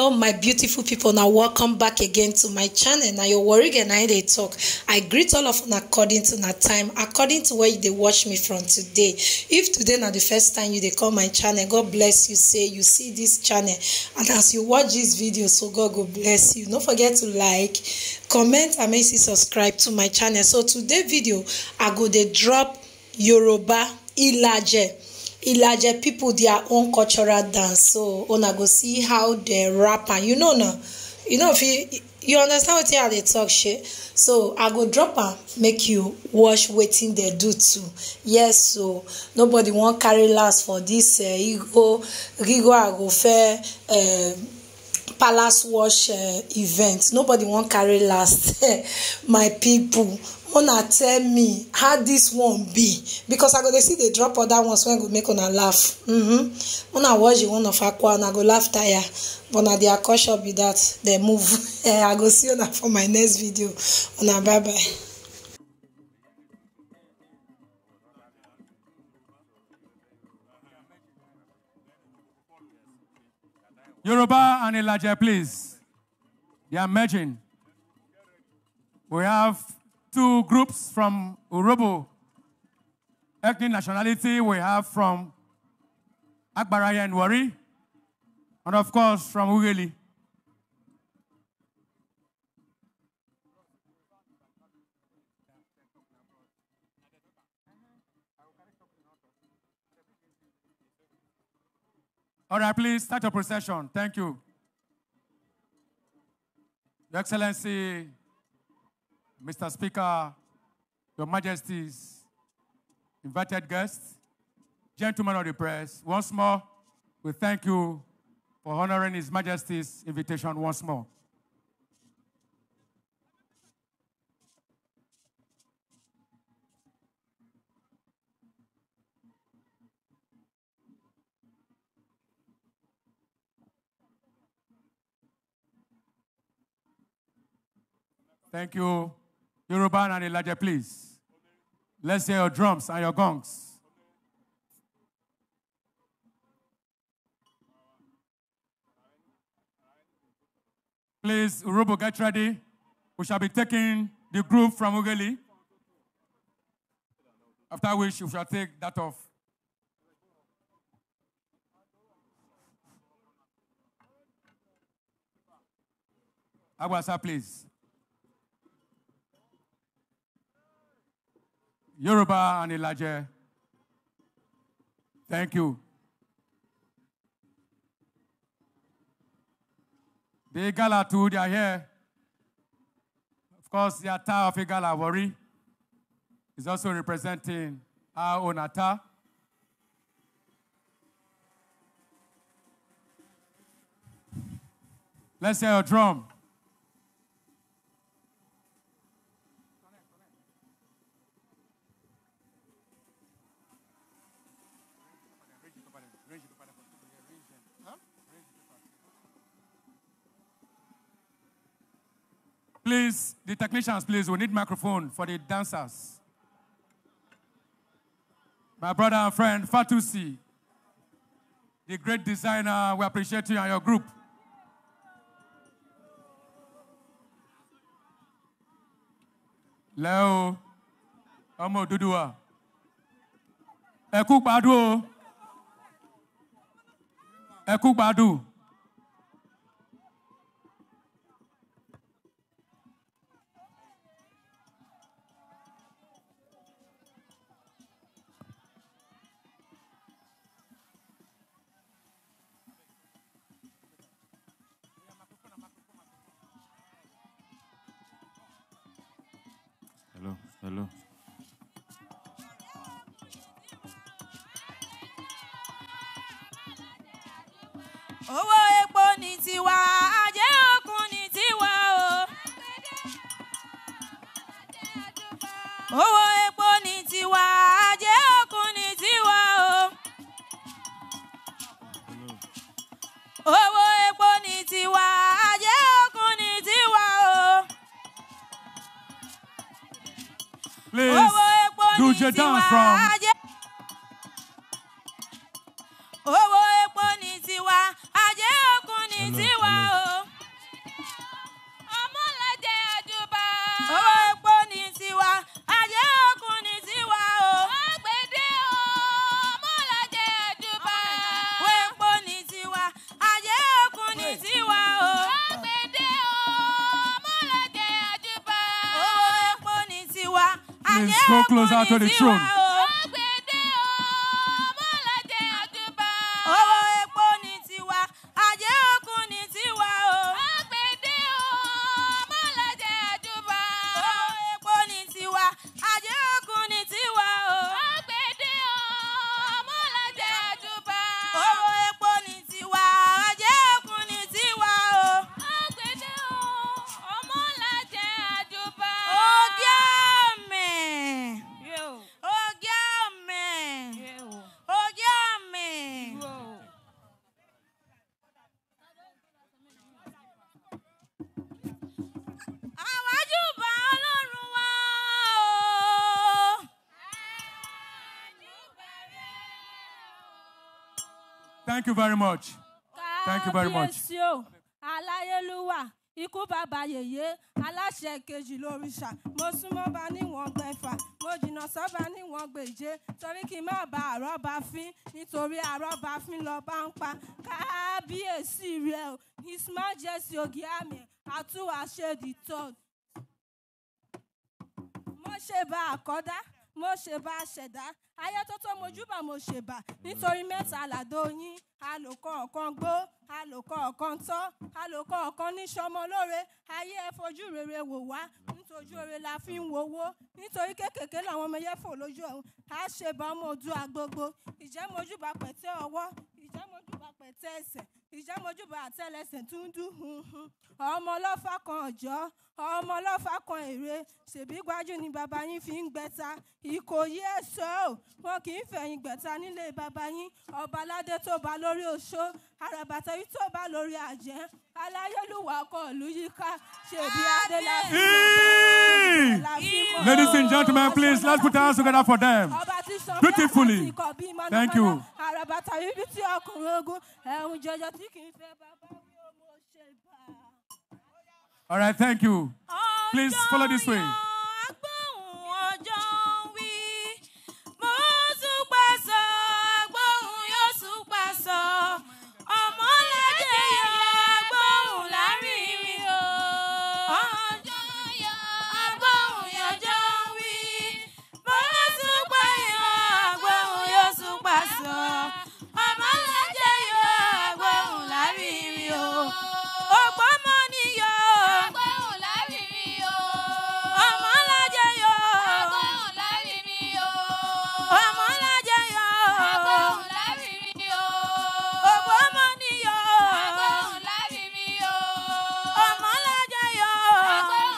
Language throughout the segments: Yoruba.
hello my beautiful people now welcome back again to my channel Now your worry and i they talk i greet all of una according to that time according to where they watch me from today if today na the first time you they come my channel god bless you say you see this channel and as you watch this video so god go bless you Don't forget to like comment and make you subscribe to my channel so today video i go dey drop yoruba ilaje ilaje people their own cultural dance so una go see how they wrap am you know na you know if you you understand wetin i dey talk shey so i go drop am make you watch wetin dem do too yes so nobody wan carry last for dis igbo eh, igbo i go fair. Uh, eh, palace wash uh, event nobody wan carry last my people una tell me how this one be because i go dey see dey drop other ones wey go make una laugh una mm-hmm. watch the one of akwa and i go laugh tire but na their culture be that dem move i go see una for my next video una bye bye Yoruba and Elijah, please. They are merging. We have two groups from Urobo ethnic nationality. We have from Akbaraya and Wari, and of course from Ugeli. All right, please start your procession. Thank you. Your Excellency, Mr. Speaker, Your Majesties, invited guests, gentlemen of the press, once more, we thank you for honoring His Majesty's invitation once more. Thank you. Yoruba and Elijah, please. Let's hear your drums and your gongs. Please, Urubu, get ready. We shall be taking the group from Ugali. After which, we shall take that off. Aguasa, please. Yoruba and Elijah. Thank you. The Igala too, they are here. Of course, the Ata of Igala Wari is also representing our own Ata. Let's hear a drum. Please, the technicians, please, we need microphone for the dancers. My brother and friend, Fatusi, the great designer, we appreciate you and your group. Leo, Omo Dudua. Eku Badu. Eku Badu. Hello. Owó epo ni tiwa, ajé òkun ni tiwa o. Owó epo ni tiwa, ajé òkun ni tiwa o. Owó Please do your dance from. so close out to the throne. Thank you very much. Thank you very much. Aláyélúwà ikú bàbá yèyé aláṣẹ kejì lórìṣà mo súnmọ́ bá níwọ̀n gbẹ̀fà mo jìnnà sọ́ba níwọ̀n gbèje torí kí n má ba àrọ́bà fín nítorí àrọ́bà fín lọ́ba ń pa kábíyèsí rẹ̀ o his majesty ogiami àtúwàṣe the third mo ṣe bá àkọ́dá mo ṣèbà ṣẹ̀dá ayé tó tó mojúbà mo ṣèbà nítorí mẹ́ta làdó yín alòkọ ọ̀kan gbó alòkọ ọ̀kan tọ́ alòkọ ọ̀kan níṣọmọ lóore ayé ẹ fojú rere wò wá nítojú rere la fi ń wowó nítorí kékèké làwọn ọmọ yẹn fò lójú ọ̀hún a ṣèbà ọmọ òdu àgbogbo ìjẹ́ mojúbà pẹ̀tẹ́ ọwọ́ ìjẹ́ mojúbà pẹ̀tẹ́ ẹsẹ̀ ìjẹ́mojúbọ àtẹlẹsẹ̀ tún dún ọmọ ọlọ́fà kan ọ̀jọ́ ọmọ ọlọ́fà kan èrè ṣèbí gbájú ni bàbá yín fi ń gbẹ̀ta ìkòyí èso wọn kì í fẹ̀yìn gbẹ̀ta nílé bàbá yín ọba aládé tó bá lórí oṣó àràbàtà yìí tó bá lórí àjẹ́ aláyélúwà ọkọ̀ ìlú yíká ṣèbí adé Ladies and gentlemen, please let's put our hands together for them. beautifully. Thank you. All right, thank you. Please follow this way.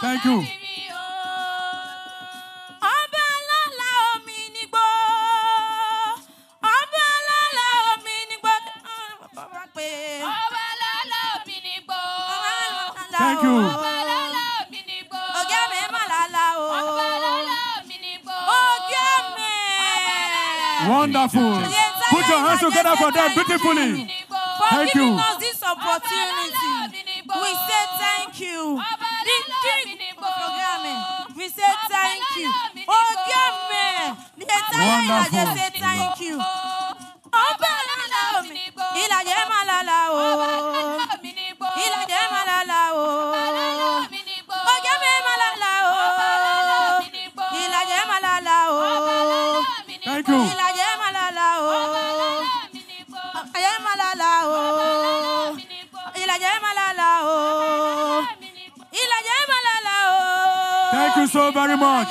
Thank you. Thank you. Wonderful. Put your hands together for them beautifully. Thank you. for this opportunity. We say thank you. The King you. Forgive me. Ní ẹ̀tàn ìlàjẹ̀ ṣe thank you. Ọba lọ́la mi. Ìlàjẹ̀ máa lọ́la o. Ìlàjẹ̀ máa lọ́la o. Ọjọ́ mi máa lọ́la o. Ìlàjẹ̀ máa lọ́la o. Thank you. Ìlàjẹ̀ máa lọ́la o. Ìlàjẹ̀ máa lọ́la o. Ìlàjẹ̀ máa lọ́la o. Ìlàjẹ̀ máa lọ́la o. Thank you so very much.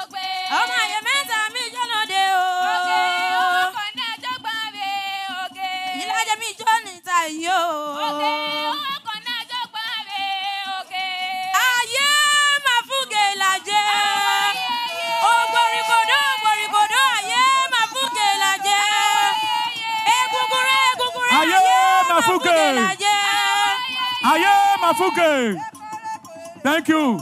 Aye, Mafuke. Thank you.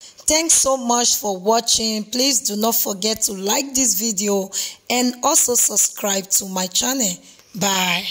Thanks so much for watching. Please do not forget to like this video and also subscribe to my channel. Bye.